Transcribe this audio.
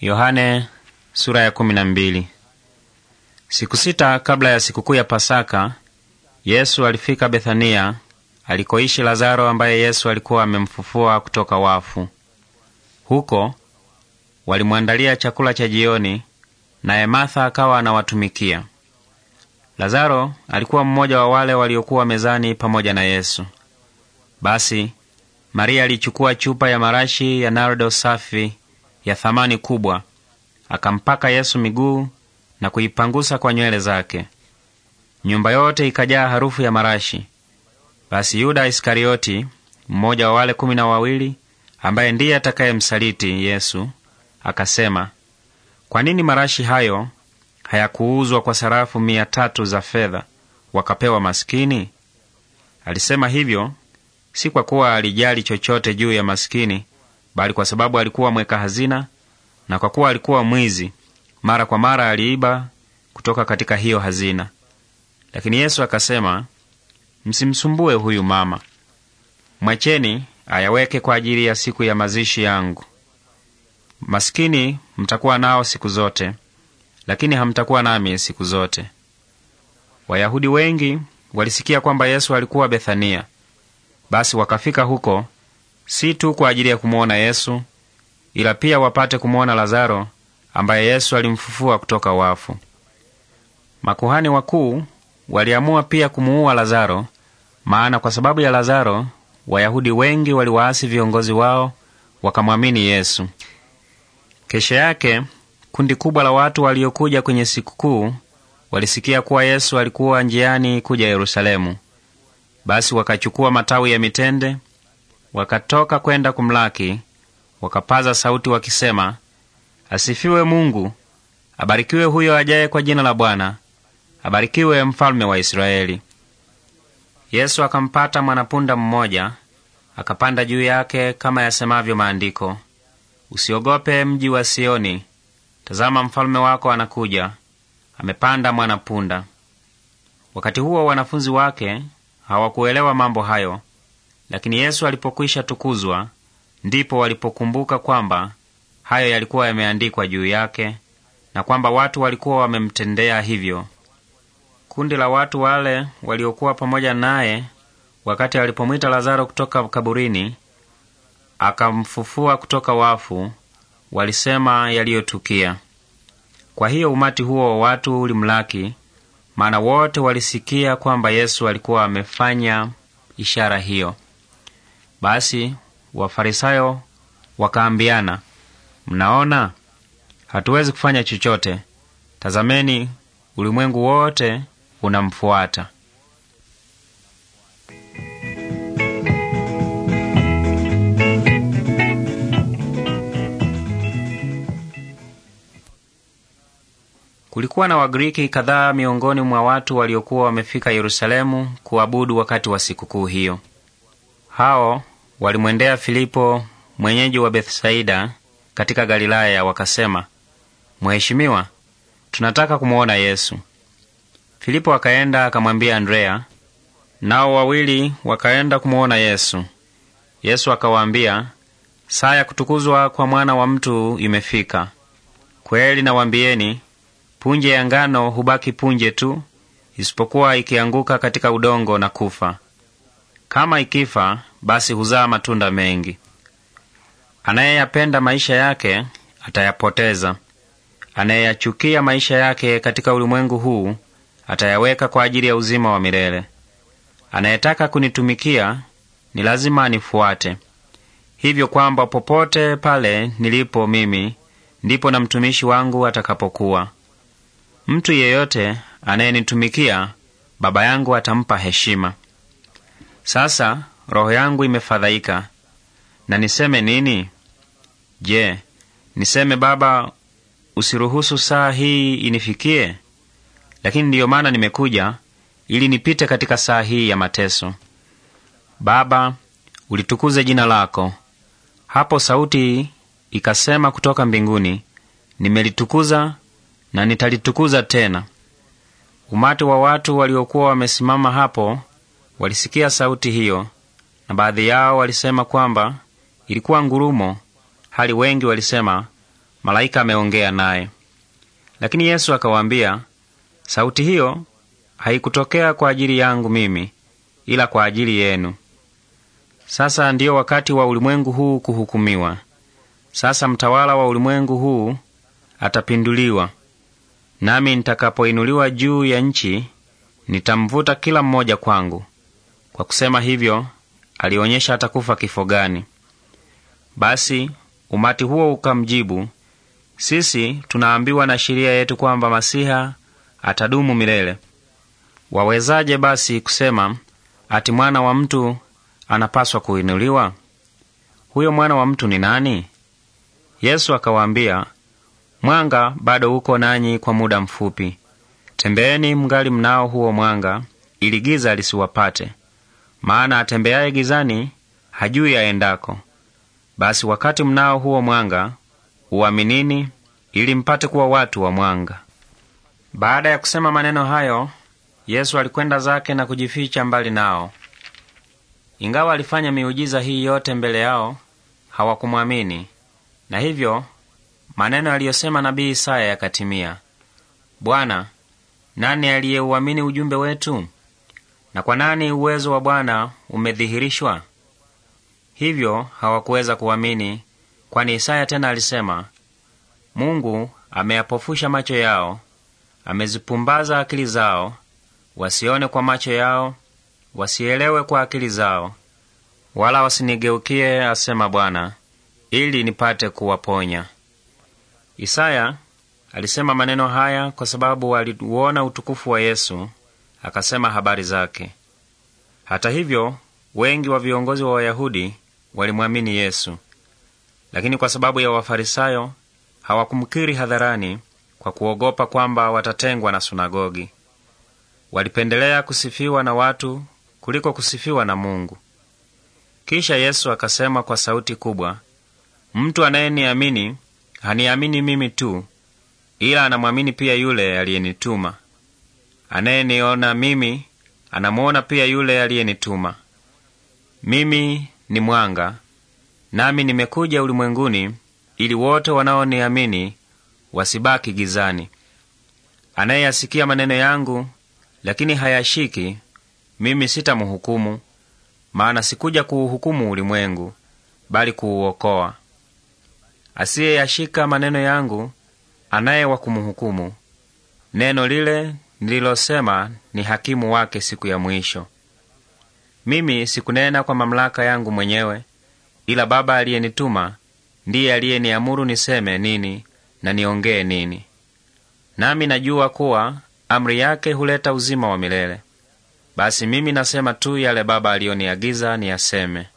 Yohane, sura ya kumi na mbili. Siku sita kabla ya sikukuu ya Pasaka, Yesu alifika Bethania alikoishi Lazaro ambaye Yesu alikuwa amemfufua kutoka wafu. Huko walimwandalia chakula cha jioni, naye Martha akawa anawatumikia. Lazaro alikuwa mmoja wa wale waliokuwa mezani pamoja na Yesu. Basi Maria alichukua chupa ya marashi ya nardo safi ya thamani kubwa, akampaka Yesu miguu na kuipangusa kwa nywele zake. Nyumba yote ikajaa harufu ya marashi. Basi Yuda Iskarioti, mmoja wa wale kumi na wawili, ambaye ndiye atakayemsaliti Yesu, akasema, kwa nini marashi hayo hayakuuzwa kwa sarafu mia tatu za fedha wakapewa maskini? Alisema hivyo si kwa kuwa alijali chochote juu ya maskini, bali kwa sababu alikuwa mweka hazina, na kwa kuwa alikuwa mwizi, mara kwa mara aliiba kutoka katika hiyo hazina. Lakini Yesu akasema, msimsumbue huyu mama, mwacheni ayaweke kwa ajili ya siku ya mazishi yangu. masikini mtakuwa nao siku zote, lakini hamtakuwa nami siku zote. Wayahudi wengi walisikia kwamba Yesu alikuwa Bethania, basi wakafika huko si tu kwa ajili ya kumwona Yesu, ila pia wapate kumwona Lazaro ambaye Yesu alimfufua kutoka wafu. Makuhani wakuu waliamua pia kumuua Lazaro, maana kwa sababu ya Lazaro Wayahudi wengi waliwaasi viongozi wao wakamwamini Yesu. Kesha yake kundi kubwa la watu waliokuja kwenye sikukuu walisikia kuwa Yesu alikuwa njiani kuja Yerusalemu. Basi wakachukua matawi ya mitende Wakatoka kwenda kumlaki, wakapaza sauti wakisema, asifiwe Mungu, abarikiwe huyo ajaye kwa jina la Bwana, abarikiwe mfalme wa Israeli. Yesu akampata mwanapunda mmoja, akapanda juu yake, kama yasemavyo Maandiko, usiogope mji wa Sioni, tazama mfalme wako anakuja, amepanda mwanapunda. Wakati huo wanafunzi wake hawakuelewa mambo hayo, lakini Yesu alipokwisha tukuzwa, ndipo walipokumbuka kwamba hayo yalikuwa yameandikwa juu yake na kwamba watu walikuwa wamemtendea hivyo. Kundi la watu wale waliokuwa pamoja naye wakati alipomwita Lazaro kutoka kaburini akamfufua kutoka wafu, walisema yaliyotukia. Kwa hiyo umati huo wa watu ulimlaki, maana wote walisikia kwamba Yesu alikuwa amefanya ishara hiyo. Basi Wafarisayo wakaambiana, mnaona, hatuwezi kufanya chochote. Tazameni, ulimwengu wote unamfuata. Kulikuwa na Wagiriki kadhaa miongoni mwa watu waliokuwa wamefika Yerusalemu kuabudu wakati wa sikukuu hiyo. Hao walimwendea Filipo mwenyeji wa Bethsaida katika Galilaya, wakasema, Mheshimiwa, tunataka kumwona Yesu. Filipo akaenda akamwambia Andrea, nao wawili wakaenda kumwona Yesu. Yesu akawaambia, saa ya kutukuzwa kwa mwana wa mtu imefika. Kweli nawaambieni, punje ya ngano hubaki punje tu, isipokuwa ikianguka katika udongo na kufa. Kama ikifa, basi huzaa matunda mengi. Anayeyapenda maisha yake atayapoteza, anayeyachukia maisha yake katika ulimwengu huu atayaweka kwa ajili ya uzima wa milele. Anayetaka kunitumikia ni lazima anifuate, hivyo kwamba popote pale nilipo mimi ndipo na mtumishi wangu atakapokuwa. Mtu yeyote anayenitumikia Baba yangu atampa heshima. Sasa roho yangu imefadhaika, na niseme nini? Je, niseme Baba, usiruhusu saa hii inifikie? Lakini ndiyo maana nimekuja, ili nipite katika saa hii ya mateso. Baba, ulitukuze jina lako. Hapo sauti ikasema kutoka mbinguni, nimelitukuza na nitalitukuza tena. Umati wa watu waliokuwa wamesimama hapo walisikia sauti hiyo, na baadhi yao walisema kwamba ilikuwa ngurumo, hali wengi walisema malaika ameongea naye. Lakini Yesu akawaambia, sauti hiyo haikutokea kwa ajili yangu mimi, ila kwa ajili yenu. Sasa ndiyo wakati wa ulimwengu huu kuhukumiwa. Sasa mtawala wa ulimwengu huu atapinduliwa, nami nitakapoinuliwa juu ya nchi nitamvuta kila mmoja kwangu. Kwa kusema hivyo alionyesha atakufa kifo gani. Basi umati huo ukamjibu, sisi tunaambiwa na sheria yetu kwamba Masiha atadumu milele. Wawezaje basi kusema ati mwana wa mtu anapaswa kuinuliwa? Huyo mwana wa mtu ni nani? Yesu akawaambia, mwanga bado uko nanyi kwa muda mfupi. Tembeeni mngali mnao huo mwanga, ili giza lisiwapate maana atembeaye gizani hajui aendako. Basi wakati mnao huo mwanga, uaminini, ili mpate kuwa watu wa mwanga. Baada ya kusema maneno hayo, Yesu alikwenda zake na kujificha mbali nao. Ingawa alifanya miujiza hii yote mbele yao, hawakumwamini, na hivyo maneno aliyosema nabii Isaya yakatimia: Bwana, nani aliyeuamini ujumbe wetu? na kwa nani uwezo wa Bwana umedhihirishwa? Hivyo hawakuweza kuamini, kwani Isaya tena alisema, Mungu ameyapofusha macho yao, amezipumbaza akili zao, wasione kwa macho yao, wasielewe kwa akili zao, wala wasinigeukie, asema Bwana, ili nipate kuwaponya. Isaya alisema maneno haya kwa sababu waliuona utukufu wa Yesu akasema habari zake. Hata hivyo, wengi wa viongozi wa Wayahudi walimwamini Yesu, lakini kwa sababu ya Wafarisayo hawakumkiri hadharani kwa kuogopa kwamba watatengwa na sunagogi. Walipendelea kusifiwa na watu kuliko kusifiwa na Mungu. Kisha Yesu akasema kwa sauti kubwa, mtu anayeniamini haniamini mimi tu, ila anamwamini pia yule aliyenituma. Anayeniona mimi anamuona pia yule aliyenituma. Mimi ni mwanga, nami nimekuja ulimwenguni ili wote wanaoniamini wasibaki gizani. Anayeyasikia maneno yangu lakini hayashiki, mimi sitamhukumu, maana sikuja kuuhukumu ulimwengu, bali kuuokoa. Asiyeyashika maneno yangu anaye wa kumhukumu, neno lile nililosema ni hakimu wake siku ya mwisho. Mimi sikunena kwa mamlaka yangu mwenyewe, ila Baba aliyenituma ndiye aliyeniamuru niseme nini na niongee nini, nami najua kuwa amri yake huleta uzima wa milele. Basi mimi nasema tu yale Baba aliyoniagiza niyaseme.